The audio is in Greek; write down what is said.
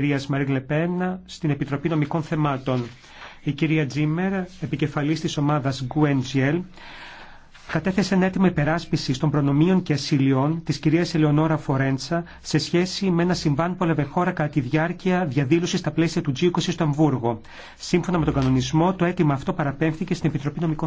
κυρία Μαρίν στην Επιτροπή Νομικών Θεμάτων. Η κυρία Τζίμερ, επικεφαλής της ομάδας GUNGL, κατέθεσε ένα έτοιμο υπεράσπιση των προνομίων και ασύλειών της κυρίας Ελεονόρα Φορέντσα σε σχέση με ένα συμβάν που έλαβε χώρα κατά τη διάρκεια διαδήλωση στα πλαίσια του G20 στο Αμβούργο. Σύμφωνα με τον κανονισμό, το αίτημα αυτό παραπέμφθηκε στην Επιτροπή Νομικών